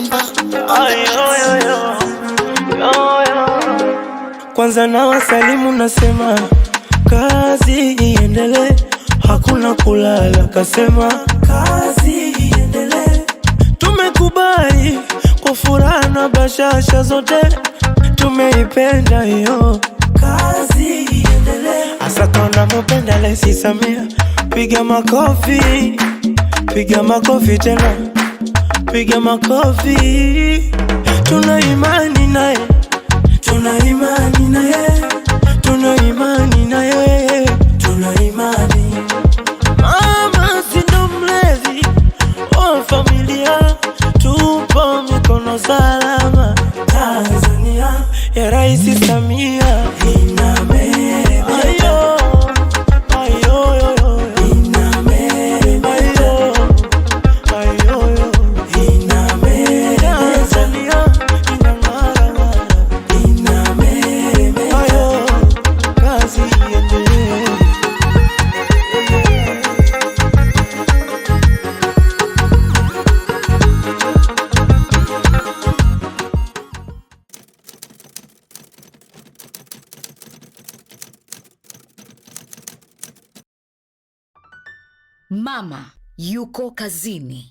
namba. Kwanza na wasalimu nasema kazi iendele, hakuna kulala. Kasema kazi iendele. tumekubali kwa furaha na bashasha zote, tumeipenda hiyo kazi iendele. iendelee. Asaka mupenda lesi Samia, piga makofi, piga makofi tena piga makofi, tuna imani naye, tuna imani naye, tuna imani naye, tuna imani. Mama sindo mlezi wa familia, tupo mikono salama. Tanzania ya Rais Samia Mama yuko kazini.